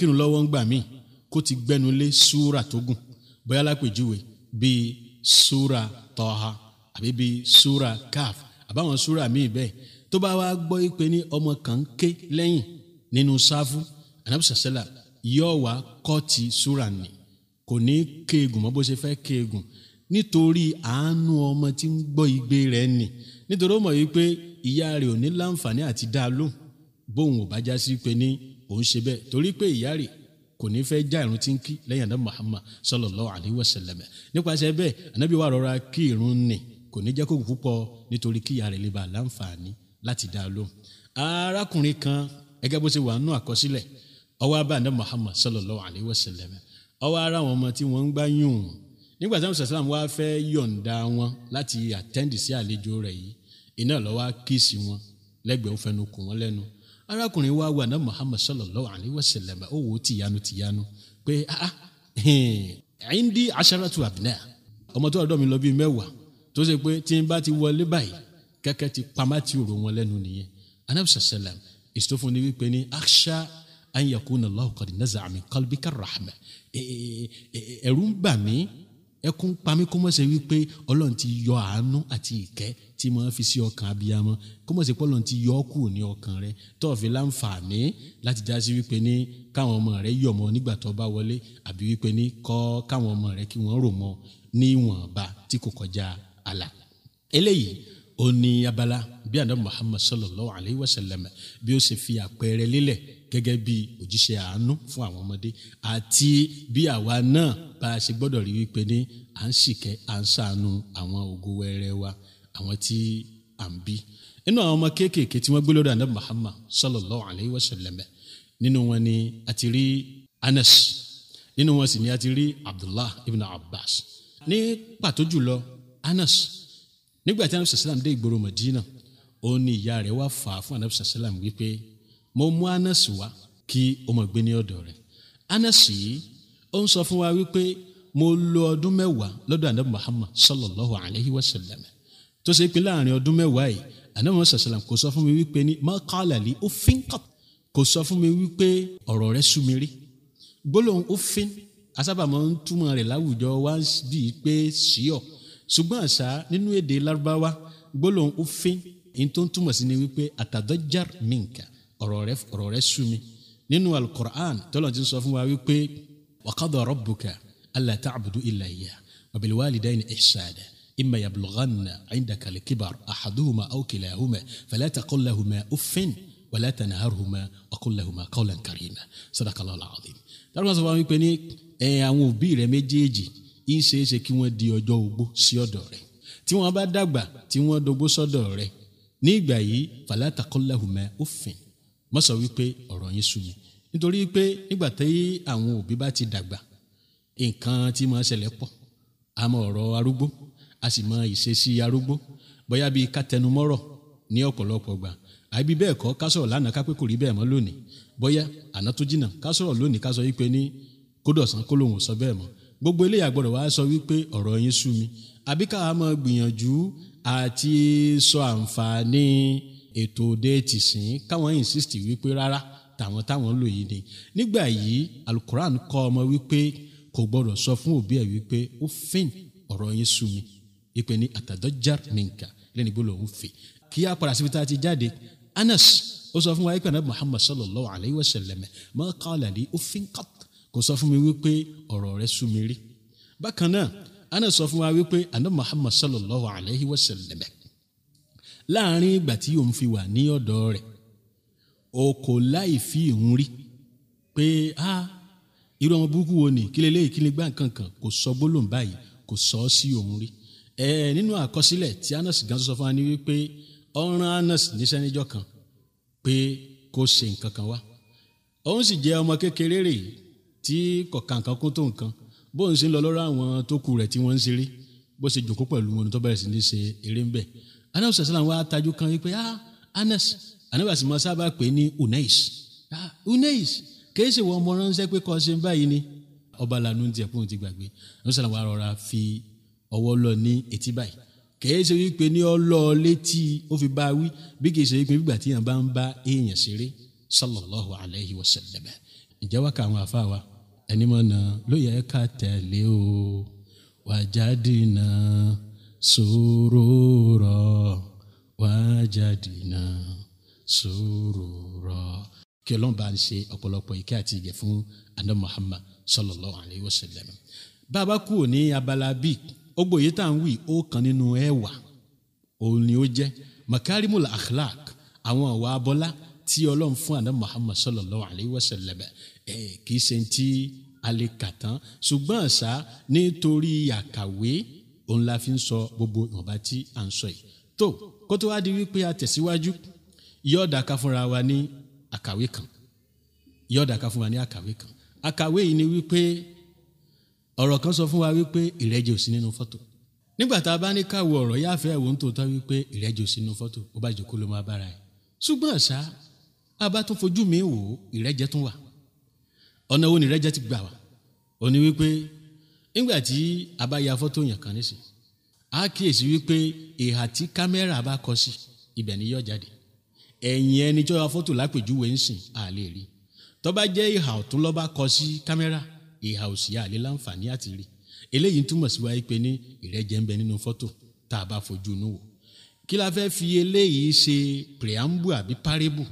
kírun lọ́wọ́ ń gbà míì kó ti gbẹnulé súra tó gùn bóyá lápèjúwe bíi súra tọ́ha àbí bíi súra káf àbáwọn súra míì bẹ́ẹ̀ tó bá wá gbọ́ ìpè ní ọmọ kan ké lẹ́yìn nínú sáfù anabisasẹ́là yóò wá kọ́ ti súra nì kò ní kéegun mọ́ bó ṣe fẹ́ kéegun nítorí àánú ọmọ tí ń gbọ́ igbe rẹ̀ nì nítorí ó mọ̀ yìí ìyá rẹ̀ ò ní láǹfààní àti dá lóhùn bóun ò bá já sí pé ní òun ṣe bẹ́ẹ̀ torí pé ìyá rẹ̀ kò ní fẹ́ já irun tí ń kí lẹ́yìn àná Muhammad sallallahu alayhi wa sallam nípasẹ̀ bẹ́ẹ̀ ànábì wa rọra kí irun nì kò ní jẹ́ kó púpọ̀ nítorí kíyà rẹ̀ lè ba láǹfààní láti dá a lóhùn arákùnrin kan gẹ́gẹ́ bó ṣe wà nínú àkọsílẹ̀ ó wá bá Muhammad sallallahu alayhi wa sallam ó wá ara àwọn ọmọ tí wọ́n ń gbá yùn nígbà táwọn sàlám wá fẹ́ yọ̀ǹda wọn láti àtẹ́ǹdì arákùnrin wa wà náà muhammad sallallahu alayhi wa sallam ó wò ó tìyanu tìyanu pé ah, ah eh, indi asharatu abinaya ọmọ tó ọ̀dọ̀ mi lọ bíi mẹ́wàá tó ṣe pé tí n bá ti wọlé báyìí kẹ́kẹ́ ti pamá ti rò wọn lẹ́nu nìyẹn anabi sallam ìsọfún ni wípé ní aksha an yakuna Allahu qad naza'a min qalbika rahma eh, eh, ń bà mí ẹkún pami kó mọ̀ ṣe wípé ọlọ́run ti yọ àánú àti ìkẹ́ tí mo fi sí ọkàn abiyamọ kó mọ̀ ṣe pé ọlọ́run ti yọ ọ́ kù ní ọkàn rẹ tó fi láǹfààní láti já sí wípé ní káwọn ọmọ rẹ yọ̀ mọ́ nígbà tó bá wọlé àbí wípé ní kọ́ káwọn ọmọ rẹ kí wọ́n rò mọ́ ní ìwọ̀nba tí kò kọjá àlà eléyìí ó ní abala bí àná Muhammad sallallahu alayhi wa sallam bí ó ṣe fi àpẹẹrẹ lélẹ̀ gẹ́gẹ́ bí òjíṣẹ́ àánú fún àwọn ọmọdé àti bí àwa náà bá a ṣe gbọ́dọ̀ rí wípé ní à ń ṣìkẹ́ à ń ṣàánú àwọn ògo wẹrẹ wa àwọn tí à ń bí nínú àwọn ọmọ kéékèèké tí wọ́n gbé lọ́dọ̀ anabi Muhammad sallallahu alayhi wa sallam nínú wọn ni a ti rí Anas nínú wọn sì ni a ti rí Abdullah ibn Abbas ní pàtó jùlọ Anas nígbà tí anabi sallam dé ìgboro Madina ó ní ìyá rẹ̀ wá fà á fún anabi sallam wípé mo mú anasi wá kí o mọ̀ gbé ní ọ̀dọ̀ rẹ̀ anasi yìí ó ń sọ fún wa wípé mo lo ọdún mẹ́wàá lọ́dọ̀ anabi muhammad sallallahu alayhi wa sallam tó ṣe pé láàrin ọdún mẹ́wàá yìí anabi muhammad sallam kò sọ fún mi wípé ní ma qala li uffin qat kò sọ fún mi wípé ọ̀rọ̀ rẹ̀ sú mi rí gbólóhùn uffin asábàmọ́ ń túmọ̀ rẹ̀ láwùjọ wá bíi pé síọ̀ ṣùgbọ́n àṣà nínú èdè lárúbáwá gbólóhùn uffin in sí ni wípé atadajjar minka ọ̀rọ̀ rẹ ọ̀rọ̀ rẹ sú mi nínú alukur'an tọ́lọ̀ ti sọ fún wa wípé wa qada rabbuka alla ta'budu illa iyyah wa bil walidayni ihsana imma yablughanna 'indaka al-kibar ahaduhuma aw kilahuma fala taqul lahuma uffin wala tanharhuma wa qul lahuma qawlan karima sadaqallahu al-azim. tọ́lọ̀ sọ fún wa wípé ní ẹ̀ àwọn òbí má sọ wípé ọ̀rọ̀ yín sú mi nítorí pé nígbà tí àwọn òbí bá ti dàgbà nǹkan tí máa ṣẹlẹ̀ pọ̀ a mọ ọ̀rọ̀ arúgbó a sì mọ ìṣesí arúgbó bóyá bíi ká tẹnumọ́rọ̀ ní ọ̀pọ̀lọpọ̀ gbà àbí bẹ́ẹ̀ kọ́ ká sọ̀rọ̀ lánàá ká pé kò rí bẹ́ẹ̀ mọ́ lónìí bóyá àná tó jìnnà ká sọ̀rọ̀ lónìí ká sọ wípé ní kódọ̀sán kó lòun sọ bẹ́ẹ̀ mọ́ gbogbo eléyà gbọ́dọ̀ wá sọ wípé ọ̀rọ̀ yín sú mi àbí ká máa gbìyànjú àti sọ àǹfààní ètò déètì sìn káwọn insist wípé rárá tàwọn táwọn lò yìí ni nígbà yìí alukoran kọ́ ọmọ wípé kò gbọ́dọ̀ sọ fún òbí ẹ̀ wípé ó fìn ọ̀rọ̀ yín sú mi ìpè ní àtàdọ́jar minka lẹ́ni gbọ́dọ̀ ń fè kí á padà síbi tá a ti jáde anas ó sọ fún wa ìpè náà muhammad sallallahu alayhi wa sallam ma qala li ó fìn qat kò sọ fún mi wípé ọ̀rọ̀ rẹ sú mi rí bákan náà anas sọ fún wa wípé àná muhammad sallallahu alayhi wa sallam láàrin ìgbà tí òun fi wà ní ọ̀dọ̀ rẹ̀ o kò láì fi ìhun rí pé a irú ọmọ burúkú wo ni kí leléyìí kí lè gbá nǹkan kan kò sọ gbólóhùn báyìí kò sọ ọ́ sí òun rí ẹ nínú àkọsílẹ̀ tí Anas gan sọ fún wa ni wípé ọ̀ràn Anas níṣẹ́ níjọ́ kan pé kó ṣe nǹkan kan wá òun sì jẹ́ ọmọ kékeré rè tí kọ̀ọ̀kan kan kún tó nǹkan bóun ṣe ń lọ lọ́rọ̀ àwọn tó kù rẹ̀ tí wọ́n ń ṣeré bó ṣe jòkó pẹ̀lú wọn tó bẹ̀rẹ̀ sí ní ṣe eré ń bẹ̀ anabi sọ̀sọ́lá wa tajú kan yìí pé ah anas anabi àti mọ́sá bá pè ní unais ah unais kìí ṣe wọ́n mọ ránṣẹ́ pé kọ́ ṣe ni ọba lanu ti ẹ̀kún ti gbàgbé anabi sọ̀sọ́lá wa rọra fi ọwọ́ lọ ní etí báyìí kìí ṣe wípé ní ọlọ́ létí ó fi bá wí bí kìí ṣe wípé gbígbà tí yàn bá ń bá èèyàn ṣeré sallallahu alayhi wa sallam ǹjẹ́ wákà àwọn àfa wa ẹni mọ̀ náà ló yẹ ká o wàjáde náà. سرورا وجدنا سرورا kí ọlọ́run bá ń ṣe ọ̀pọ̀lọpọ̀ ìkẹ́ àti ìgẹ̀ fún anna muhammad sallallahu alayhi wa sallam bàbá kúrò ní abala bíi ogbòye tá à ń wí ó kan nínú ẹwà òun ni ó jẹ́ makarimul akhlaq àwọn ọ̀wà abọ́lá tí ọlọ́run fún àná muhammad sallallahu alayhi wa sallam ẹ̀ kì í ṣe ti ṣùgbọ́n ṣá nítorí àkàwé òun la fi ń sọ gbogbo ìwọ̀nba tí à ń sọ yìí tó kó tó wá di wípé a tẹ̀síwájú yóò dàka fúnra wa ní àkàwé kan yóò dàka fún ní àkàwé kan àkàwé yìí ni wípé ọ̀rọ̀ kan sọ fún wa wípé ìrẹ́jẹ ò sí nínú fọ́tò nígbà tá a bá ní káwọ ọ̀rọ̀ yáfẹ́ ẹ̀wò ń tòótọ́ wípé ìrẹ́jẹ ò sí nínú fọ́tò ó bá jòkó ló máa bára ẹ̀ ṣùgbọ́n àṣà a bá tún fojú mi wò ìrẹ́jẹ tún wà ọ̀nà wo ni ìrẹ́jẹ ti gbà wá òní wípé nígbà tí a bá ya fọ́tò yàn kan nísìn a kíyèsí wípé ìhà tí kámẹ́rà bá kọ sí ibẹ̀ ni yọ jáde ẹ̀yìn ẹni tí ó ya fọ́tò lápèjúwe ń sìn a lè rí tó bá jẹ́ ìhà ọ̀tún ló bá kọ sí kámẹ́rà ìhà òsì a lè láǹfààní àti rí eléyìí túmọ̀ sí wáyé pé ní ìrẹ́jẹ ń bẹ nínú fọ́tò tá a bá fojú inú wò kí la fẹ́ fi eléyìí ṣe preamble àbí parable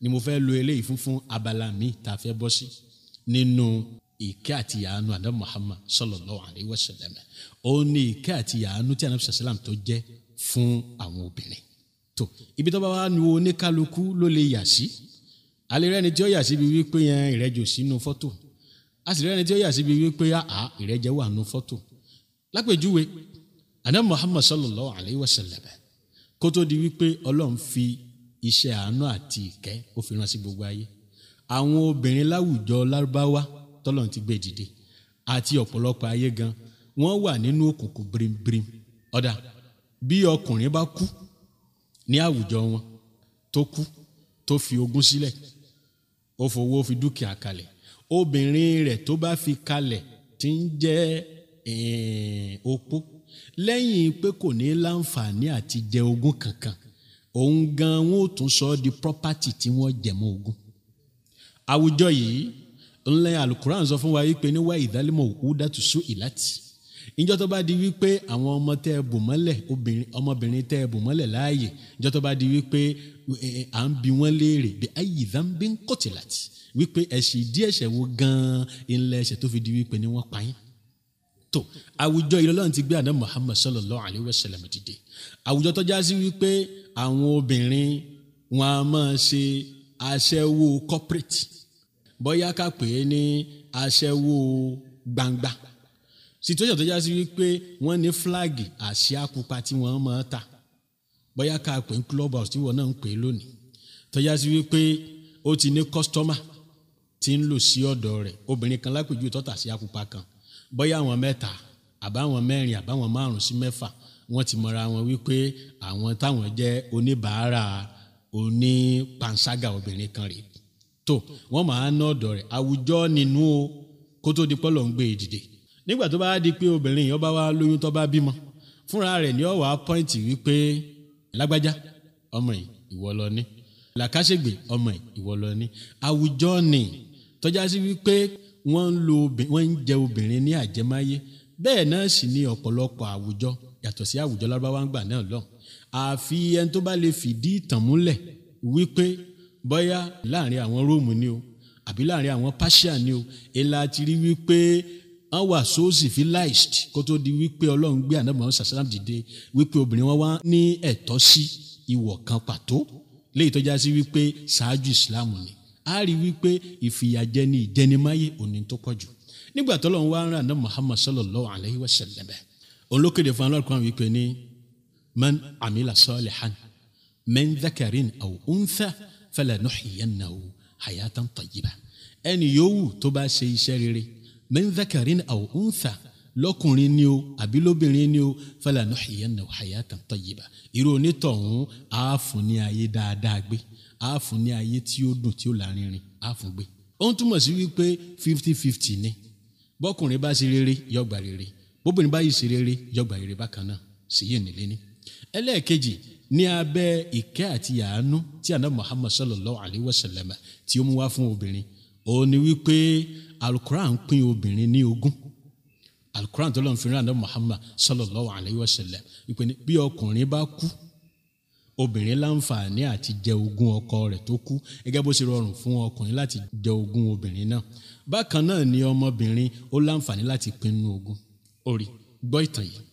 ni mo fẹ́ lo eléyìí fún abala mi tá a fẹ́ bọ́ sí nínú ìkẹ́ àti ìyàánu àná Muhammad sallallahu alayhi wa sallam ó ní ìkẹ́ àti ìyàánu tí àná sàlám tó jẹ́ fún àwọn obìnrin tó ibi tó bá wà ní oníkálukú ló lè yà sí alẹ́rẹ́ ni tí ó yà sí ibi wípé yẹn ìrẹ́jò sínú fọ́tò àsìrẹ́ ni tí ó yà sí ibi wípé àá ìrẹ́jẹ wà nù fọ́tò lápèjúwe àná Muhammad sallallahu alayhi wa sallam kó tó di wípé Ọlọ́run fi iṣẹ́ àánú àti ìkẹ́ ó fi gbogbo ayé àwọn obìnrin láwùjọ lárúbáwá tọ́lọ́run ti gbé e dìde àti ọ̀pọ̀lọpọ̀ ayé gan wọ́n wà nínú òkùnkùn birimbirim ọ̀dà bí ọkùnrin bá kú ní àwùjọ wọn tó kú tó fi ogún sílẹ̀ ó fowó fi dúkìá kalẹ̀ obìnrin rẹ̀ tó bá fi kalẹ̀ ti ń jẹ́ eh, opó lẹ́yìn pé kò ní láǹfààní àti jẹ ogún kankan òun gan wọn ò tún sọ ọ́ di property tí wọ́n jẹ mọ́ ogún àwùjọ yìí ńlẹ́ alukuran sọ fún wa wípé ní wá ìdálẹ́mọ̀ òwúdàtú sún ìlàtì ìjọ tó bá di wípé àwọn ọmọ tẹ́ ẹ bù mọ́lẹ̀ obìnrin ọmọbìnrin tẹ́ ẹ bù mọ́lẹ̀ láàyè ìjọ tó bá di wípé à ń bi wọ́n léèrè bí ayé ìdánbí ń kọ̀tìlàtì wípé ẹ̀ṣẹ̀ ìdí ẹ̀ṣẹ̀ wo gan-an ńlẹ̀ ẹ̀ṣẹ̀ tó fi di wípé ni wọ́n pa yín tó àwùjọ ilé ọlọ́run ti gbé àná Muhammad sallallahu alayhi wa sallam dìde àwùjọ tó já sí wípé àwọn obìnrin wọn a máa ṣe aṣẹ́wó corporate bóyá ká pè é ní aṣẹ́wó gbangba situation tó já sí wípé wọ́n ní flag àsíá pupa tí wọ́n máa ta bóyá ká pè ní club house tí wọ́n náà ń pè é lónìí tó já sí wípé ó ti ní customer tí ń lò sí ọ̀dọ̀ rẹ̀ obìnrin kan lápèjúwe tó ta àsíá pupa kan bóyá àwọn mẹ́ta àbáwọn mẹ́rin àbáwọn márùn-ún sí mẹ́fà wọ́n ti mọra wọn wípé àwọn táwọn jẹ́ oníbàárà onípanṣágà obìnrin kan rèé tó wọ́n máa ná ọ̀dọ̀ rẹ̀ àwùjọ nínú o kó tó di pọ́lọ̀ ń gbé ìdìde e nígbà tó bá di pé obìnrin yìí ọba wa lóyún tó bá bímọ fúnra rẹ̀ ni ó wá wípé lágbájá ọmọ ìwọ ló ní làkàṣègbè ọmọ ìwọ ló ní àwùjọ ni tọ́já sí wípé wọ́n ń lo wọ́n ń jẹ obìnrin ní àjẹmáyé bẹ́ẹ̀ náà sì ni ọ̀pọ̀lọpọ̀ àwùjọ yàtọ̀ sí àwùjọ lárúbáwá ń gbà náà lọ àfi ẹni tó bá lè fìdí ìtàn múlẹ̀ wípé bọ́yá láàrin àwọn róòmù ni o àbí láàrin àwọn pàṣíà ni o ìlà ti rí wípé wọ́n wà so civilized kó tó di wípé ọlọ́run gbé ànábì Muhammad sàlám dìde wípé obìnrin wọn wá ní ẹ̀tọ́ sí ìwọ̀ kan pàtó léyìí tó já sí wípé ṣáájú Islam ni a rí wípé ìfìyàjẹni ìjẹnimáyé òní tó pọ̀ jù nígbà tó lọ́run wá ń rán ànábì Muhammad sallallahu alayhi wa sallam òun ló kéde fún aláàkúrán wípé ní man amila salihan min dhakarin aw untha falanuhyiyannahu hayatan tayyiba ẹni yòówù تبا bá ṣe iṣẹ́ rere min dhakarin aw untha lọ́kùnrin ni o àbí lóbìnrin ni o falanuhyiyannahu hayatan tayyiba irú onítọ̀hún àáfùn ní ayé dáadáa gbé àáfùn ní ayé tí ó dùn tí ó lárinrin àáfùn gbé ó ń túmọ̀ sí wípé fifty fifty ni bọ́kùnrin bá ṣe rere yọgbà rere bóbìnrin bá yìí ṣe rere yọgbà rere bákan náà sì yé nílé ní. ẹlẹ́ẹ̀kejì ní abẹ́ ìkẹ́ àti àánú tí anabi muhammad sallallahu alayhi wa sallam tí ó mú wá fún obìnrin òun ni wípé alukoran pín obìnrin ní ogún alukoran tó lọ́n fi rán anabi muhammad sallallahu alayhi wa sallam wípé bí ọkùnrin bá kú obìnrin láǹfààní àti jẹ ogún ọkọ rẹ̀ tó kú gẹ́gẹ́ bó ṣe rọrùn fún ọkùnrin láti jẹ ogún obìnrin náà bákan náà ni ọmọbìnrin ó láǹfààní láti pinnu ogún orí gbọ́ ìtàn yìí